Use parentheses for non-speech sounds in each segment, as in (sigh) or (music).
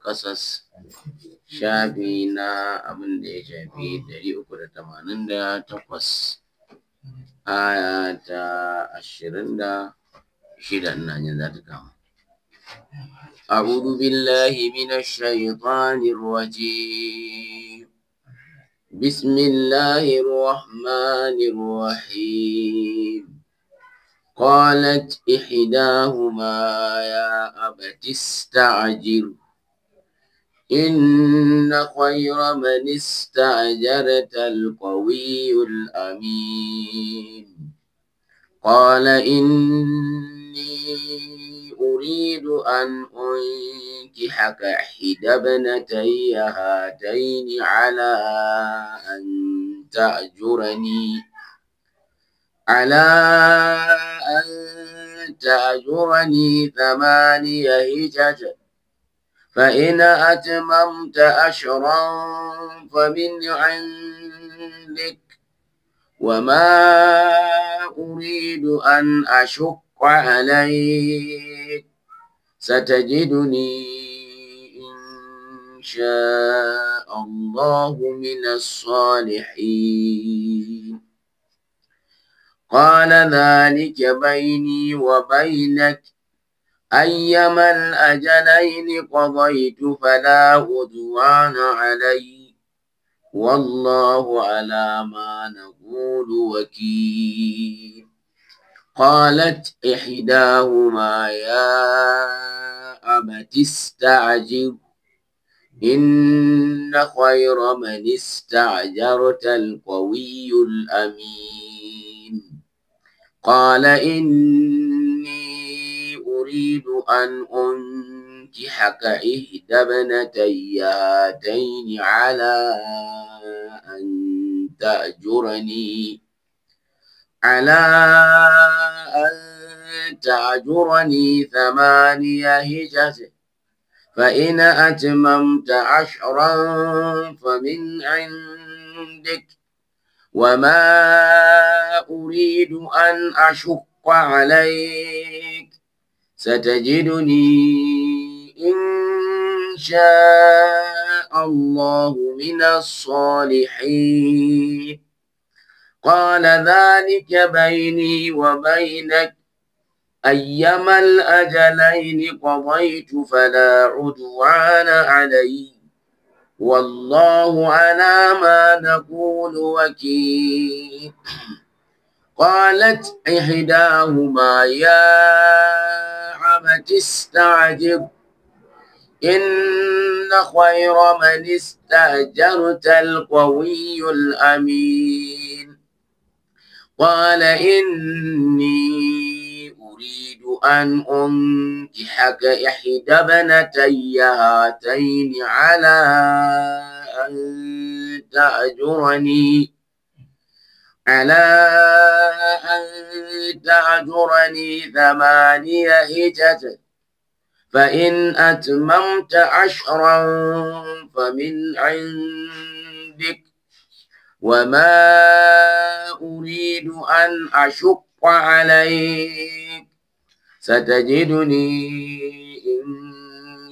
kasas shafi na abin da ya shafi ɗari uku da tamanin da takwas aya ta ashirin da shida na jin za ta kama أعوذ بالله من الشيطان بسم الله الرحمن الرحيم قالت إحداهما يا أبت استعجل إن خير من استعجلت القوي الأمين قال إني أريد أن أنكحك إحدى ابنتي هاتين على أن تأجرني على أن تأجرني ثماني هجج فإن أتممت أشرا فمن عندك وما أريد أن أشق عليك ستجدني إن شاء الله من الصالحين قال ذلك بيني وبينك أيما الأجلين قضيت فلا عدوان علي والله على ما نقول وكيل قالت إحداهما يا أبت استعجل إن خير من استعجرت القوي الأمين قال إن أريد أن أنكحك إحدى ابنتي هاتين على أن تأجرني على أن تأجرني ثمانية هجرة فإن أتممت عشرا فمن عندك وما أريد أن أشق عليك ستجدني إن شاء الله من الصالحين قال ذلك بيني وبينك أيما الأجلين قضيت فلا عدوان علي والله على ما نقول وكيل قالت إحداهما يا عبت استعجب إن خير من استأجرت القوي الأمين قال إني أريد أن أنكحك إحدى بنتي هاتين على أن تأجرني ألا أن تعجرني ثمانية هجج فإن أتممت عشرا فمن عندك وما أريد أن أشق عليك ستجدني إن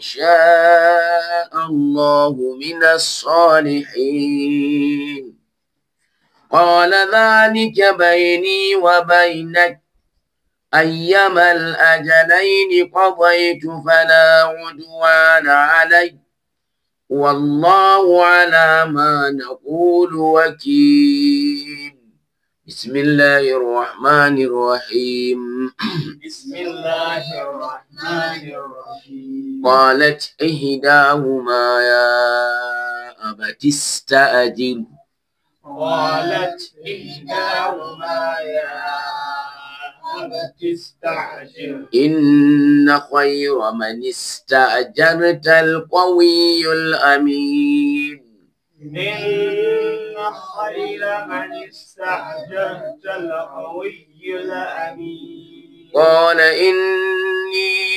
شاء الله من الصالحين قال ذلك بيني وبينك أيما الأجلين قضيت فلا عدوان علي والله على ما نقول وكيل بسم الله الرحمن الرحيم بسم الله الرحمن الرحيم قالت إهداهما يا أبت استأجره قالت إحداهما يا أبت استعجل إن خير من استأجرت القوي الأمين إن خير من استأجرت القوي الأمين قال إني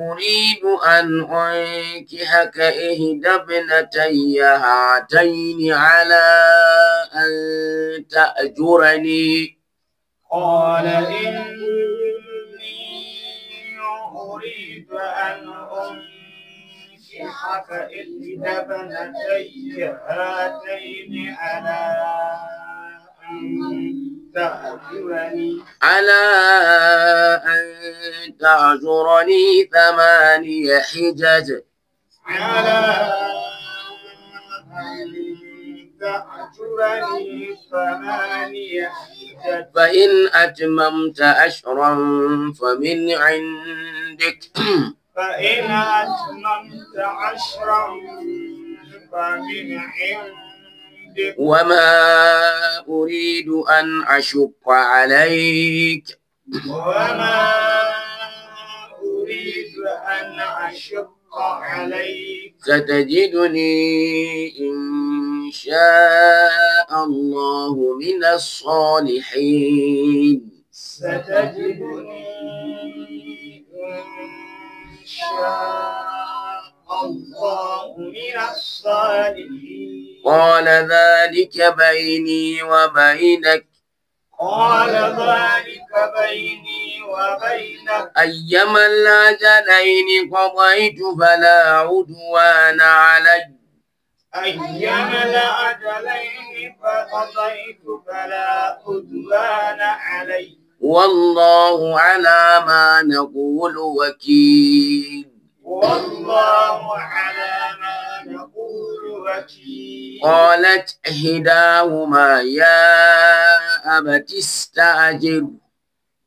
أريد أن أنكحك إهدى ابنتي هاتين على تأجرني قال إني أريد أن أنكحك إحدى ابنتي هاتين على أن تأجرني على أن تأجرني ثماني حجج على أن فإن أتممت أشرا فمن عندك فإن أتممت أشرا فمن عندك وما أريد أن أشق عليك وما أريد أن أشق عليك ستجدني إن شاء الله من الصالحين ستجدني إن شاء الله من الصالحين قال ذلك بيني وبينك قال ذلك بيني وبينك أيما الأجلين قضيت فلا عدوان علي أيام الأجلين فقضيت فلا أدوان علي والله على ما نقول وكيل والله على ما نقول وكيل قالت إحداهما يا أبت استأجر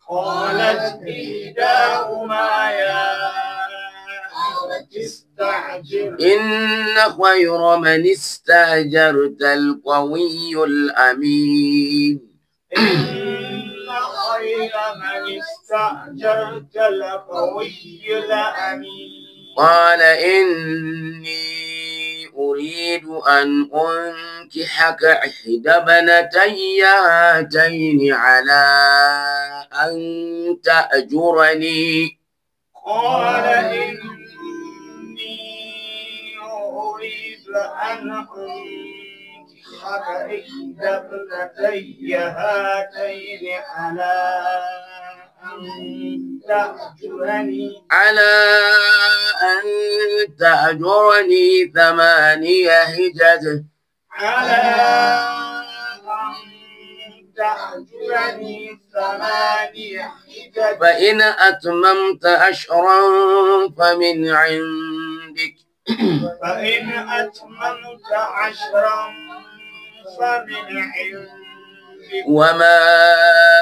قالت إحداهما يا إن خير من استأجرت القوي الأمين إن خير من استأجرت القوي الأمين قال إني أريد أن أنكحك إحدى بنتي هاتين على أن تأجرني قال إني أن أنكحك إحدى ابنتي هاتين على أن تأجرني على أن تأجرني ثمانية هجج على أن تأجرني ثمانية حجج فإن أتممت أشرا فمن عندك فإن أتممت عشرا فبالعلم وما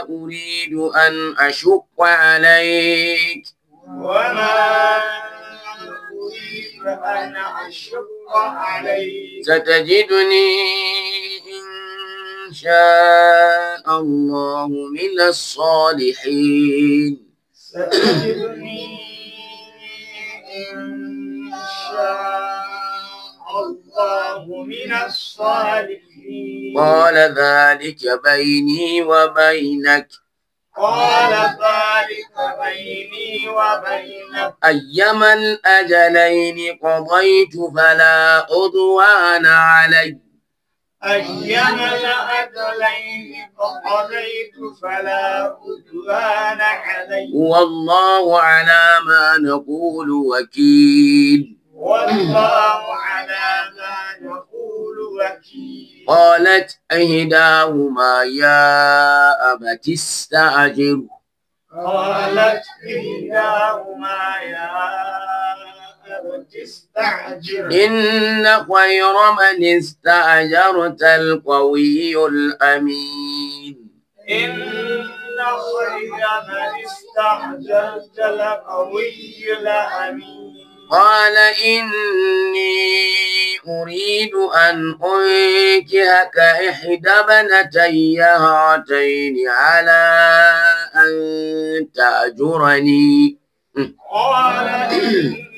أريد أن أشق عليك وما أريد أن أشق عليك ستجدني إن شاء الله من الصالحين ستجدني إن الله من الصالحين قال ذلك بيني وبينك قال ذلك بيني وبينك أيما الأجلين قضيت فلا عدوان علي أيما الأجلين قضيت فلا عدوان علي والله على ما نقول وكيل والله على ما نقول وكيل قالت أهداهما يا أبت استأجره قالت إهداهما يا أبت إن خير من استأجرت القوي الأمين إن خير من استعجلت القوي الأمين قال إني أريد أن أنكهك إحدى بنتي هاتين على أن تأجرني قال إني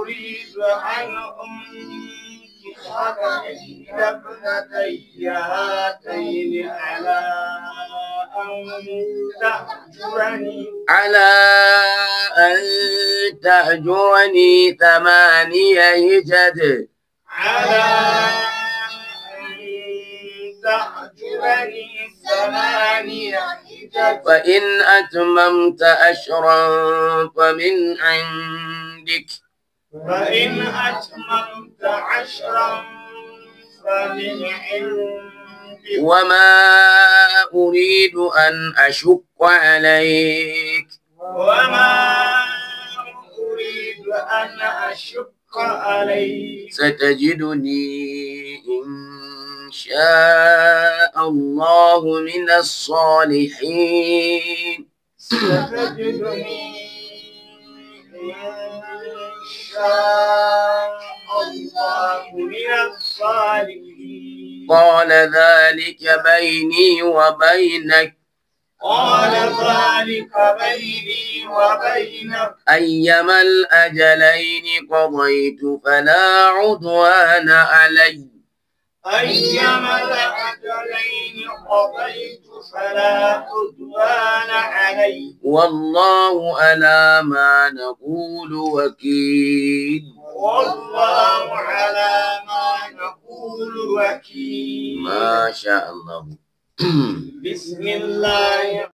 أريد أن أنكحك إحدى بنتي هاتين على (clears throat) على أن تهجرني ثمانية هجد على تهجرني ثمانية فإن أتممت أشرا فمن عندك فإن أتممت عشرا فمن عندك وما أريد أن أشق عليك وما أريد أن أشق عليك ستجدني إن شاء الله من الصالحين ستجدني إن شاء الله من الصالحين قال ذلك بيني وبينك قال ذلك بيني وبينك أيما الأجلين قضيت فلا عدوان علي أيما الأجلين قضيت فلا عدوان علي والله على ما نقول وكيل والله على ما نقول وكيل ما شاء الله بسم الله